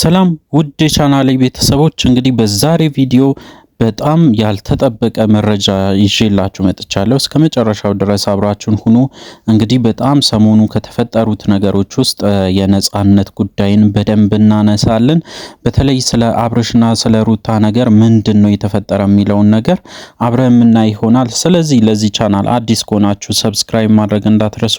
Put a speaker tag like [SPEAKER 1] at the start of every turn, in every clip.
[SPEAKER 1] ሰላም ውድ የቻናሌ ቤተሰቦች እንግዲህ በዛሬ ቪዲዮ በጣም ያልተጠበቀ መረጃ ይዤላችሁ መጥቻለሁ። እስከ መጨረሻው ድረስ አብራችሁን ሁኑ። እንግዲህ በጣም ሰሞኑ ከተፈጠሩት ነገሮች ውስጥ የነጻነት ጉዳይን በደንብ እናነሳለን። በተለይ ስለ አብርሽና ስለ ሩታ ነገር ምንድን ነው የተፈጠረ የሚለውን ነገር አብረን የምና ይሆናል። ስለዚህ ለዚህ ቻናል አዲስ ከሆናችሁ ሰብስክራይብ ማድረግ እንዳትረሱ፣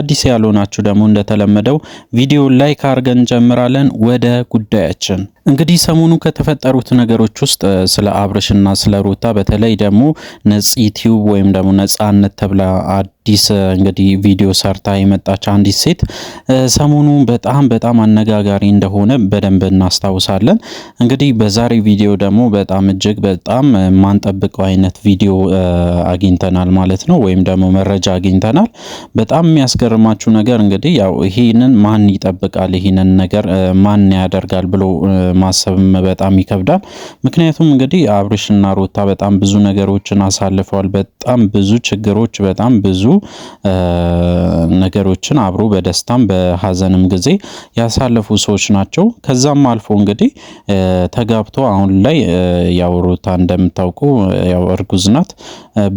[SPEAKER 1] አዲስ ያልሆናችሁ ደግሞ እንደተለመደው ቪዲዮ ላይክ አድርገን እንጀምራለን። ወደ ጉዳያችን እንግዲህ ሰሞኑ ከተፈጠሩት ነገሮች ውስጥ ስለ አብረ አብርሽና ስለ ሩታ በተለይ ደግሞ ነጽ ዩቲዩብ ወይም ደግሞ ነጻነት ተብላ አዲስ እንግዲህ ቪዲዮ ሰርታ የመጣች አንዲት ሴት ሰሞኑ በጣም በጣም አነጋጋሪ እንደሆነ በደንብ እናስታውሳለን። እንግዲህ በዛሬ ቪዲዮ ደግሞ በጣም እጅግ በጣም ማንጠብቀው አይነት ቪዲዮ አግኝተናል ማለት ነው፣ ወይም ደግሞ መረጃ አግኝተናል። በጣም የሚያስገርማችሁ ነገር እንግዲህ ያው ይህንን ማን ይጠብቃል? ይህንን ነገር ማን ያደርጋል ብሎ ማሰብም በጣም ይከብዳል። ምክንያቱም እንግዲህ አብርሽና ሩታ በጣም ብዙ ነገሮችን አሳልፈዋል። በጣም ብዙ ችግሮች፣ በጣም ብዙ ነገሮችን አብሮ በደስታም በሀዘንም ጊዜ ያሳለፉ ሰዎች ናቸው። ከዛም አልፎ እንግዲህ ተጋብቶ አሁን ላይ ያው ሩታ እንደምታውቁ ያው እርጉዝ ናት።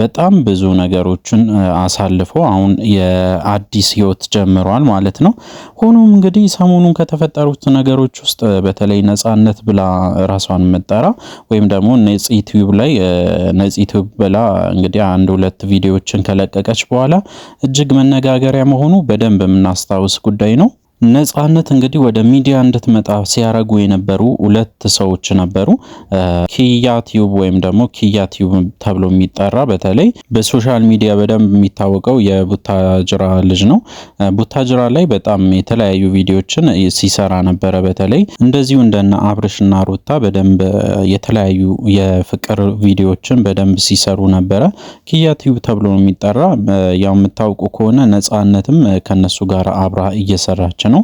[SPEAKER 1] በጣም ብዙ ነገሮችን አሳልፎ አሁን የአዲስ ህይወት ጀምሯል ማለት ነው። ሆኖም እንግዲህ ሰሞኑን ከተፈጠሩት ነገሮች ውስጥ በተለይ ነጻነት ብላ ራሷን መጠራ ወይም ደግሞ ነፂ ዩቲዩብ ላይ ነጽ ዩቲዩብ ብላ እንግዲህ አንድ ሁለት ቪዲዮዎችን ከለቀቀች በኋላ እጅግ መነጋገሪያ መሆኑ በደንብ የምናስታውስ ጉዳይ ነው። ነጻነት እንግዲህ ወደ ሚዲያ እንድትመጣ ሲያረጉ የነበሩ ሁለት ሰዎች ነበሩ። ኪያ ቲዩብ ወይም ደግሞ ኪያ ቲዩብ ተብሎ የሚጠራ በተለይ በሶሻል ሚዲያ በደንብ የሚታወቀው የቡታጅራ ልጅ ነው። ቡታጅራ ላይ በጣም የተለያዩ ቪዲዮችን ሲሰራ ነበረ። በተለይ እንደዚሁ እንደነ አብርሽና ሩታ በደንብ የተለያዩ የፍቅር ቪዲዮችን በደንብ ሲሰሩ ነበረ። ኪያ ቲዩብ ተብሎ የሚጠራ ያው የምታውቁ ከሆነ ነጻነትም ከነሱ ጋር አብራ እየሰራች ነው ነው።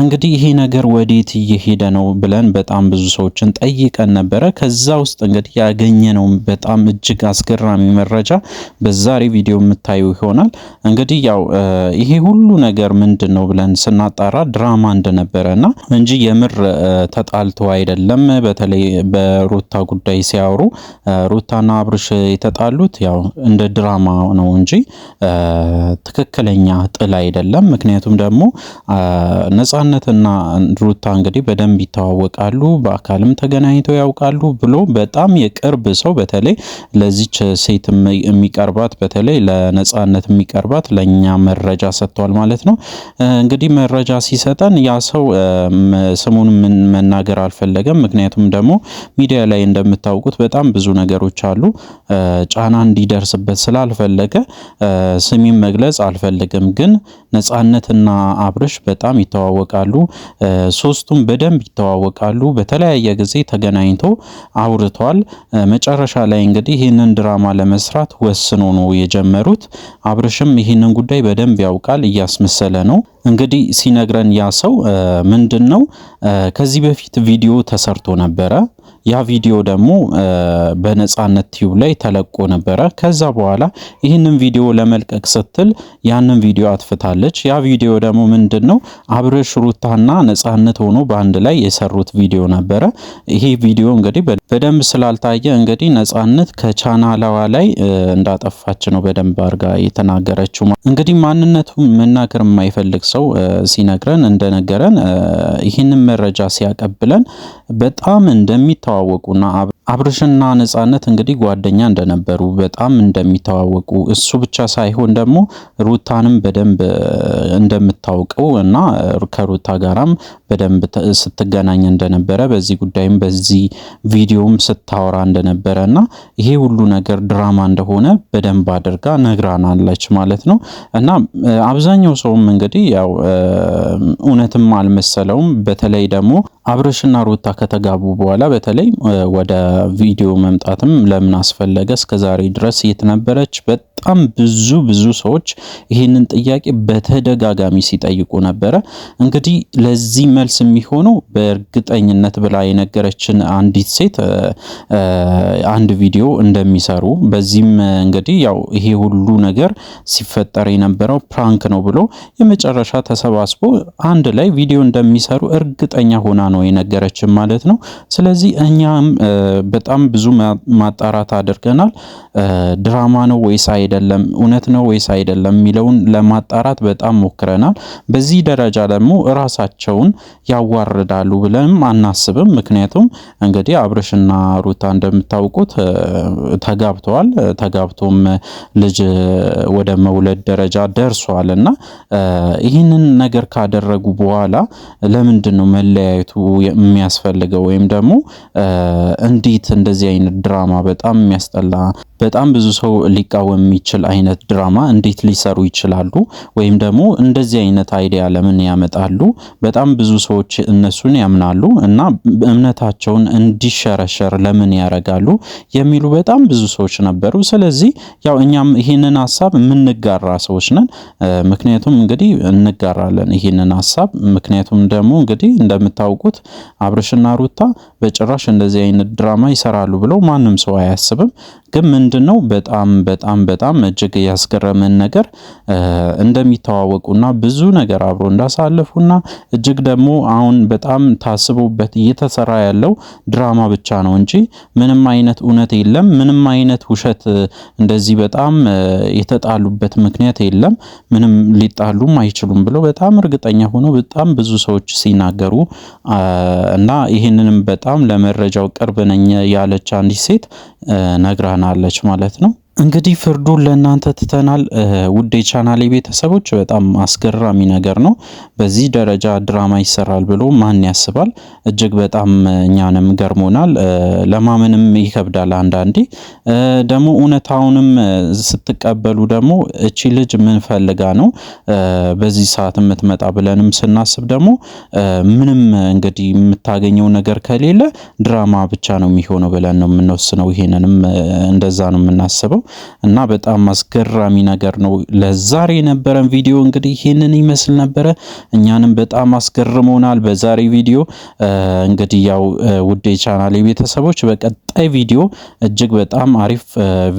[SPEAKER 1] እንግዲህ ይሄ ነገር ወዴት እየሄደ ነው ብለን በጣም ብዙ ሰዎችን ጠይቀን ነበረ። ከዛ ውስጥ እንግዲህ ያገኘነው በጣም እጅግ አስገራሚ መረጃ በዛሬ ቪዲዮ የምታዩ ይሆናል። እንግዲህ ያው ይሄ ሁሉ ነገር ምንድን ነው ብለን ስናጣራ ድራማ እንደነበረ እና እንጂ የምር ተጣልቶ አይደለም። በተለይ በሩታ ጉዳይ ሲያወሩ ሩታና አብርሽ የተጣሉት ያው እንደ ድራማ ነው እንጂ ትክክለኛ ጥል አይደለም። ምክንያቱም ደግሞ ነጻነትና ሩታ እንግዲህ በደንብ ይተዋወቃሉ፣ በአካልም ተገናኝተው ያውቃሉ ብሎ በጣም የቅርብ ሰው በተለይ ለዚች ሴት የሚቀርባት በተለይ ለነጻነት የሚቀርባት ለእኛ መረጃ ሰጥቷል ማለት ነው። እንግዲህ መረጃ ሲሰጠን ያ ሰው ስሙን መናገር አልፈለገም። ምክንያቱም ደግሞ ሚዲያ ላይ እንደምታውቁት በጣም ብዙ ነገሮች አሉ። ጫና እንዲደርስበት ስላልፈለገ ስሜን መግለጽ አልፈልግም፣ ግን ነጻነትና አብርሽ በጣም ይተዋወቃሉ። ሶስቱም በደንብ ይተዋወቃሉ። በተለያየ ጊዜ ተገናኝቶ አውርተዋል። መጨረሻ ላይ እንግዲህ ይህንን ድራማ ለመስራት ወስኖ ነው የጀመሩት። አብርሽም ይህንን ጉዳይ በደንብ ያውቃል፣ እያስመሰለ ነው እንግዲህ ሲነግረን ያ ሰው ምንድን ነው ከዚህ በፊት ቪዲዮ ተሰርቶ ነበረ ያ ቪዲዮ ደግሞ በነጻነት ቲዩብ ላይ ተለቆ ነበረ። ከዛ በኋላ ይህንን ቪዲዮ ለመልቀቅ ስትል ያንን ቪዲዮ አትፍታለች። ያ ቪዲዮ ደግሞ ምንድን ነው አብርሽ ሩታና ነጻነት ሆኖ በአንድ ላይ የሰሩት ቪዲዮ ነበረ። ይሄ ቪዲዮ እንግዲህ በደንብ ስላልታየ እንግዲህ ነጻነት ከቻናላዋ ላይ እንዳጠፋች ነው በደንብ አድርጋ የተናገረችው። እንግዲህ ማንነቱ መናገር የማይፈልግ ሰው ሲነግረን እንደነገረን ይህንን መረጃ ሲያቀብለን በጣም እንደሚታ ተዋወቁና አብርሽና ነጻነት እንግዲህ ጓደኛ እንደነበሩ በጣም እንደሚተዋወቁ እሱ ብቻ ሳይሆን ደግሞ ሩታንም በደንብ እንደምታውቀው እና ከሩታ ጋራም በደንብ ስትገናኝ እንደነበረ በዚህ ጉዳይም በዚህ ቪዲዮም ስታወራ እንደነበረ እና ይሄ ሁሉ ነገር ድራማ እንደሆነ በደንብ አድርጋ ነግራናለች ማለት ነው። እና አብዛኛው ሰውም እንግዲህ ያው እውነትም አልመሰለውም። በተለይ ደግሞ አብርሽና ሩታ ከተጋቡ በኋላ በተለይ ወደ ቪዲዮ መምጣትም ለምን አስፈለገ? እስከ ዛሬ ድረስ የት ነበረች? በጣም ብዙ ብዙ ሰዎች ይህንን ጥያቄ በተደጋጋሚ ሲጠይቁ ነበረ። እንግዲህ ለዚህ መልስ የሚሆነው በእርግጠኝነት ብላ የነገረችን አንዲት ሴት አንድ ቪዲዮ እንደሚሰሩ በዚህም እንግዲህ ያው ይሄ ሁሉ ነገር ሲፈጠር የነበረው ፕራንክ ነው ብሎ የመጨረሻ ተሰባስቦ አንድ ላይ ቪዲዮ እንደሚሰሩ እርግጠኛ ሆና ነው የነገረችን ማለት ነው። ስለዚህ እኛም በጣም ብዙ ማጣራት አድርገናል። ድራማ ነው ወይስ አይ አይደለም እውነት ነው ወይስ አይደለም የሚለውን ለማጣራት በጣም ሞክረናል። በዚህ ደረጃ ደግሞ እራሳቸውን ያዋርዳሉ ብለንም አናስብም። ምክንያቱም እንግዲህ አብርሽና ሩታ እንደምታውቁት ተጋብተዋል። ተጋብቶም ልጅ ወደ መውለድ ደረጃ ደርሷል እና ይህንን ነገር ካደረጉ በኋላ ለምንድን ነው መለያየቱ የሚያስፈልገው? ወይም ደግሞ እንዴት እንደዚህ አይነት ድራማ በጣም የሚያስጠላ በጣም ብዙ ሰው ሊቃወም የሚችል አይነት ድራማ እንዴት ሊሰሩ ይችላሉ? ወይም ደግሞ እንደዚህ አይነት አይዲያ ለምን ያመጣሉ? በጣም ብዙ ሰዎች እነሱን ያምናሉ እና እምነታቸውን እንዲሸረሸር ለምን ያደርጋሉ? የሚሉ በጣም ብዙ ሰዎች ነበሩ። ስለዚህ ያው እኛም ይህንን ሀሳብ የምንጋራ ሰዎች ነን። ምክንያቱም እንግዲህ እንጋራለን ይህንን ሀሳብ ምክንያቱም ደግሞ እንግዲህ እንደምታውቁት አብርሽና ሩታ በጭራሽ እንደዚህ አይነት ድራማ ይሰራሉ ብለው ማንም ሰው አያስብም ግን ምንድን ነው በጣም በጣም በጣም እጅግ ያስገረመን ነገር እንደሚተዋወቁና ብዙ ነገር አብሮ እንዳሳለፉና እጅግ ደግሞ አሁን በጣም ታስቦበት እየተሰራ ያለው ድራማ ብቻ ነው እንጂ ምንም አይነት እውነት የለም። ምንም አይነት ውሸት እንደዚህ በጣም የተጣሉበት ምክንያት የለም። ምንም ሊጣሉም አይችሉም ብለው በጣም እርግጠኛ ሆኖ በጣም ብዙ ሰዎች ሲናገሩ እና ይህንንም በጣም ለመረጃው ቅርብ ነኝ ያለች አንዲት ሴት ነግራናለች። ማለት ነው። እንግዲህ ፍርዱን ለእናንተ ትተናል። ውድ የቻናሌ ቤተሰቦች በጣም አስገራሚ ነገር ነው። በዚህ ደረጃ ድራማ ይሰራል ብሎ ማን ያስባል? እጅግ በጣም እኛንም ገርሞናል። ለማመንም ይከብዳል። አንዳንዴ ደግሞ እውነታውንም ስትቀበሉ ደግሞ እቺ ልጅ ምን ፈልጋ ነው በዚህ ሰዓት የምትመጣ ብለንም ስናስብ ደግሞ ምንም እንግዲህ የምታገኘው ነገር ከሌለ ድራማ ብቻ ነው የሚሆነው ብለን ነው የምንወስነው። ይሄንንም እንደዛ ነው የምናስበው። እና በጣም አስገራሚ ነገር ነው። ለዛሬ የነበረን ቪዲዮ እንግዲህ ይህንን ይመስል ነበረ። እኛንም በጣም አስገርሞናል በዛሬ ቪዲዮ እንግዲህ ያው ውዴ ቻናል ቤተሰቦች በቀጣይ ቪዲዮ እጅግ በጣም አሪፍ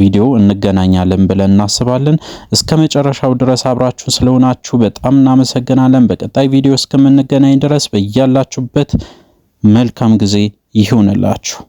[SPEAKER 1] ቪዲዮ እንገናኛለን ብለን እናስባለን። እስከ መጨረሻው ድረስ አብራችሁ ስለሆናችሁ በጣም እናመሰግናለን። በቀጣይ ቪዲዮ እስከምንገናኝ ድረስ በያላችሁበት መልካም ጊዜ ይሁንላችሁ።